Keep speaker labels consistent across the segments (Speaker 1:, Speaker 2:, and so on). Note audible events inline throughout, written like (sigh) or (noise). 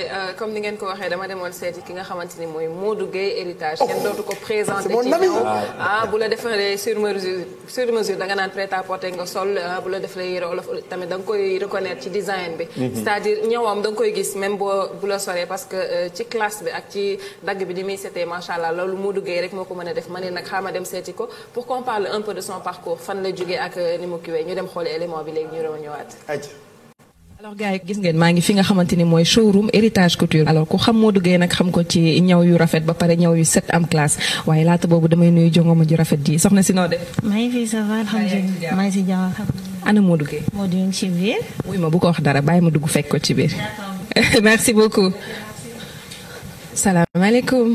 Speaker 1: Euh, comme ni ngeen ko waxee dama demoon seeti ki nga xamante ni mooy moo Gueye héritage oh. kenn dootu ko présenté ci yow ah. ah, bu la defalee sur mesure sur mesure da nga naan prêt à porter nga sol ah, bu la defalee yére tamit da nga koy ci design bi mhm. c'est-à-dire ñëwam da nga koy gis même boo bu la soree parce que euh, ci classe bi ak ci dagg bi ni muy setee macha allah loolu moo Gueye rek moo ko mën def ma ne nag xaama dem seeti ko pour qu'on parle un peu de son parcours fan la jógee ak euh, ni mu kiwee ñu dem xool élément bi léegi ñu rew ñëwaat alors gars yi gis ngeen maa ngi fi nga xamante ni mooy showroom héritage couture alors ku xam moo duggee nag xam ko ci ñaw yu rafet ba pare ñaw yu set am classe waaye laata boobu damay nuyu jongoma ju rafet ji soxna si noo def. maa ngi fi ça va maa ngi si jàmm ana moo duggee. moo duggee ci biir. wuy ma bu ko wax dara bàyyi ma dugg fekk ko ci biir. (laughs) merci beaucoup. salaamaaleykum. maaleykum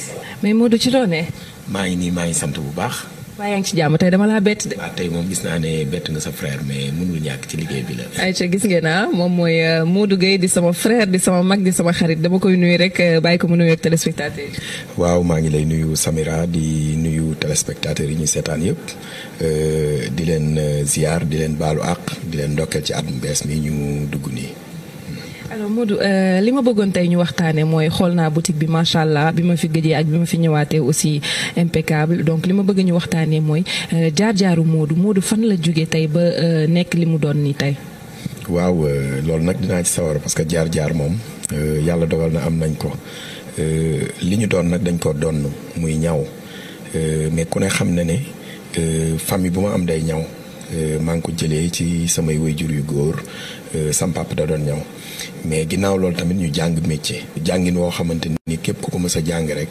Speaker 1: salaam. mais Modou ci loo ne.
Speaker 2: maa ngi nii maa ngi sant bu baax.
Speaker 1: waaye yaa ngi ci jàmm tey dama laa bett de.
Speaker 2: waaw ah, tey moom gis naa ne bett nga sa frère mais mënul ñàkk ci liggéey bi la.
Speaker 1: ayca gis ngeen naa ah, moom mooy euh, Modou Gueye di sama frère di sama mag di sama xarit dama koy nuyu rek euh, bàyyi ko mu nuyu ak téléspectateur yi.
Speaker 2: waaw maa ngi lay nuyu Samira di nuyu téléspectateur yi ñu seetaan yëpp euh, di leen ziar di leen baalu àq di leen ndokkeel ci at mu bees mi ñu dugg nii.
Speaker 1: alors Modou euh, li ma bëggoon tey ñu waxtaanee mooy xool naa boutique bi macha allah bi ma fi gëjee ak bi ma fi ñëwaatee aussi impeccable donc li ma bëgg ñu waxtaanee mooy euh, jaar-jaaru Modou Modou fan la jógee tey ba euh, nekk li mu doon nii tey.
Speaker 2: waaw loolu nag dinaa ci sawar parce que jaar-jaar moom yàlla dogal na am nañ ko li ñu doon nag dañ ko doon muy ñaw mais ku ne xam ne ne famille bu ma am day ñaw. Euh, maa ngi ko jëlee ci samay wayjur yu góor euh, sam papa da doon ñaw mais ginnaaw loolu tamit ñu jàng métier jàngin woo xamante ni képp ku ko mës a jàng rek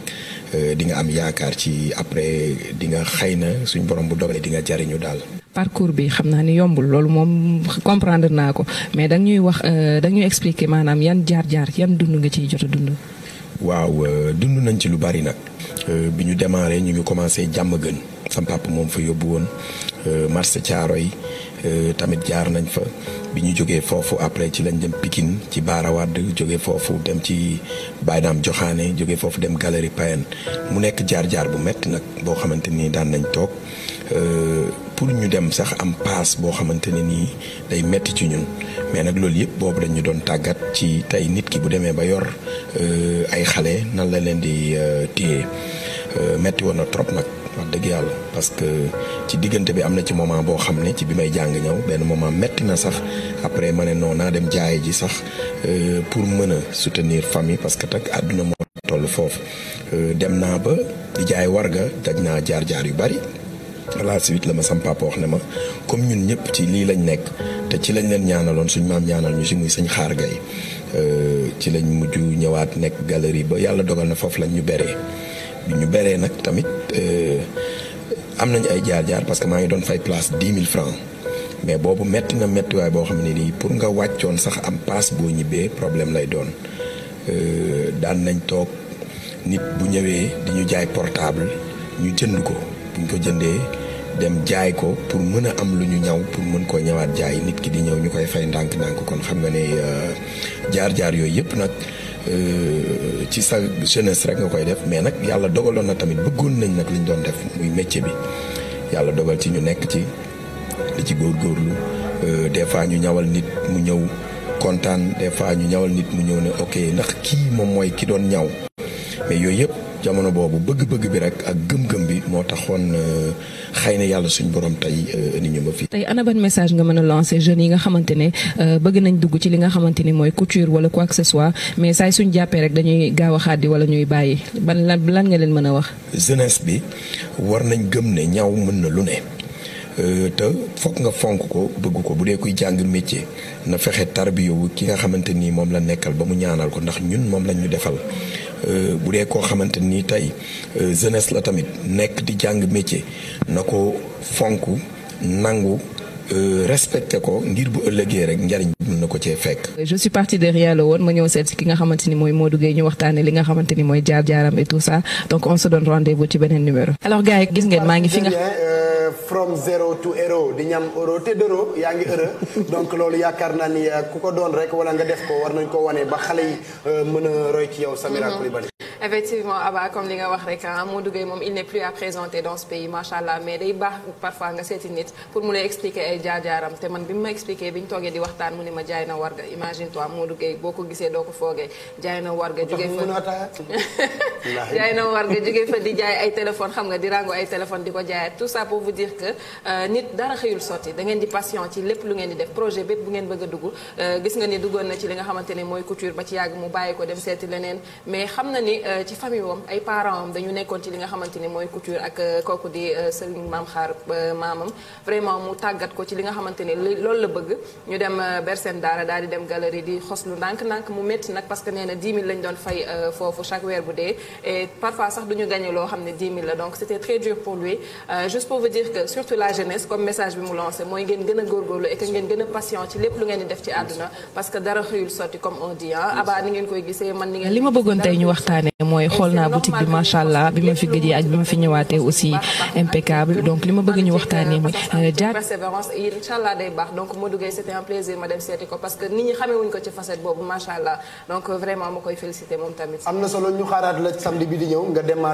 Speaker 2: euh, di nga am yaakaar ci après di nga xëy na suñ borom bu dogalee di nga jariñu daal.
Speaker 1: parcours bi xam naa ni yombul loolu moom comprendre naa ko mais danga ñuy wax da ñuy expliquer maanaam yan jaar-jaar yan dund nga ciy jot a dund.
Speaker 2: waaw euh, dund nañ ci lu bari nag euh, bi ñu démarré ñu ngi commencé jàmm gën sam papa moom fa yóbbu woon euh, marché Thiaroye tamit jaar nañ fa bi ñu jógee foofu après ci lañ dem Pikine ci Barawad jógee foofu dem ci Baydaam Joxaane jógee foofu dem Galerie Payenne mu nekk jaar-jaar bu metti nag boo xamante nii daan nañ toog pour ñu dem sax am paas boo xamante ne nii day metti ci ñun mais nag loolu yëpp boobu dañu doon tàggat ci tey nit ki bu demee ba yor Euh, ay xale nan la leen di euh, téye euh, metti woon na trop nag wax dëgg yàlla parce que ci diggante bi am na ci moment boo xam ne ci bi may jàng ñëw benn moment metti na sax après ma ne non naa dem jaay ji sax pour mën a soutenir famille parce que tak àdduna moo toll foofu dem naa ba di jaay warga daj naa jaar-jaar yu bari à la suite la ma sam papa wax ne ma comme ñun ñëpp ci lii lañ nekk te ci lañ leen ñaanaloon suñ maam ñaanal ñu si muy sëñ xaar gay Euh, ci lañ mujj ñëwaat nekk galerie ba yàlla dogal na foofu lañ ñu beree ñu beree nag tamit euh, am nañ ay jaar-jaar parce que maa ngi doon fay place dix mille francs mais boobu métti na méttiwaay boo xam ne nii pour nga wàccoon sax am paas boo ñibbee problème lay doon euh, daan nañ toog nit bu ñëwee di ñu jaay portable ñu jënd ko bu ñu ko jëndee. dem jaay ko pour mën a am lu ñu ñaw pour mën koo ñëwaat jaay nit ki di ñëw ñu koy fay ndànk ko kon xam nga ni euh, jaar-jaar yooyu yëpp nag euh, ci sa jeunesse nga koy def mais nag yàlla dogaloon na tamit bëggoon nañ nag liñ doon def muy métier bi yàlla dogal ci ñu nekk ci di ci góorgóorlu euh, des fois ñu ñawal nit mu ñëw kontaan des fois ñu ñawal nit mu ñëw ne ok ndax kii moom mooy ki doon ñaw mais yooyu yëpp jamono boobu bëgg-bëgg bi rek ak gëm-gëm bi moo taxoon euh, xëy na yàlla suñu borom tey euh, ni ñu ma fii. tey
Speaker 1: ana ban message nga mën a lancer jeunes yi nga xamante ne euh, bëgg nañ dugg ci li nga xamante ni mooy couture wala quoi que ce mais saay suñ jàppee rek dañuy gaaw a wala ñuy bàyyi ban lan lan nga leen mën a wax.
Speaker 2: jeunesse bi war nañ gëm ne ñaw mën na lu ne. te foog nga fonk ko bëgg ko bu dee kuy jàng métier na fexe tarbiyo ki nga xamante ni moom la nekkal ba mu ñaanal ko ndax ñun moom lañ ñu defal Euh, bu dee koo xamante ni tey euh, jeunesse la tamit nekk di jàng métier na ko fonk nangu euh, respecté ko ngir bu ëllëgee rek njariñ mën na ko cee fekk.
Speaker 1: je suis partie derrière la woon ma ñëw seet ki nga xamante ni mooy moo Gueye ñu waxtaanee li nga xamante ni mooy jaar jaaram et tout ça donc on se donne rendez-vous ci beneen numéro. alors gars yi gis ngeen maa ngi fi nga.
Speaker 2: from zero to hero di ñam euro te dero yaa ngi heureux donc loolu yaakaar naa ni euh, ku ko doon rek wala nga def ko war nañ ko wane ba xale yi euh, mën a roy ci yow Samira mhm. Coulibaly
Speaker 1: effectivement Abba comme li nga wax rek ah moo Gueye moom il n'est plus à présenter dans ce pays macha mais day baax parfois nga seeti nit pour mu lay expliquer ay jaar-jaaram te man bi mu ma expliquer bi ñu toogee di waxtaan mu ni ma jaay na warga imagine toi Modou Gueye boo ko gisee doo ko foogee jaay na warga jógee fa (laughs) jaay na war nga jógee fa di jaay ay téléphone xam nga di rango ay téléphone di ko jaayaat tout sa pour vous dire que euh, nit dara xëyul sotti dangeen di patient ci lépp lu ngeen di def projet bépp bu ngeen bëgg a dugg euh, gis nga ni duggoon na ci li nga xamante ne mooy couture ba ci yàgg mu bàyyi ko dem seeti leneen mais xam na ni euh, ci famille wam ay parents am dañu nekkoon ci li nga xamante ne mooy couture ak kooku di Serigne Maam Xaar maamam vraiment mu tàggat ko ci li nga xamante ne loolu la bëgg ñu dem Bersen Daara daal di dem galerie di xos lu ndànk-ndànk mu métti nag parce que nee na 10 000 lañ doon fay foofu chaque weer bu dee e parfois sax du ñu gagné loo xam ne 10 000 la donc c' très dur pour lui euh, juste pour vous dire que surtout la jeunesse comme message bi mu lancé mooy ngeen gën a góorgóorlu et que ngeen gën a ci lépp lu ngeen di def ci àdduna parce que dara xëyul sotti comme on dit abaa ni ngeen koy gisee man ni ngeen. li ma bëggoon tey ñu waxtaanee mooy xool naa boutique bi macha allah bi ma fi gëjee ak bi ma fi ñëwaatee aussi impeccable donc li ma bëgg
Speaker 2: samedi bi di ñëw nga dema